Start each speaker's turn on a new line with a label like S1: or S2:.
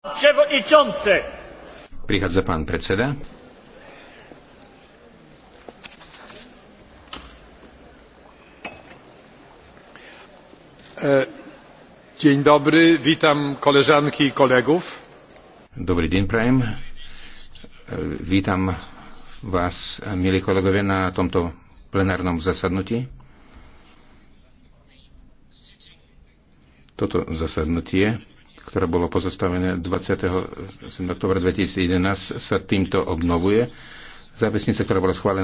S1: Przewodniczący!
S2: Prichádza pán predseda.
S3: E, dzień dobry, witam koleżanki i kolegów.
S4: Dobry dzień, prajem. E, witam was, mili kolegowie, na tomto plenárnom zasadnutí. Toto zasadnutie ktoré bolo pozastavené 20. oktobra 2011, sa týmto obnovuje. Zápisnica, ktorá
S5: bola schválená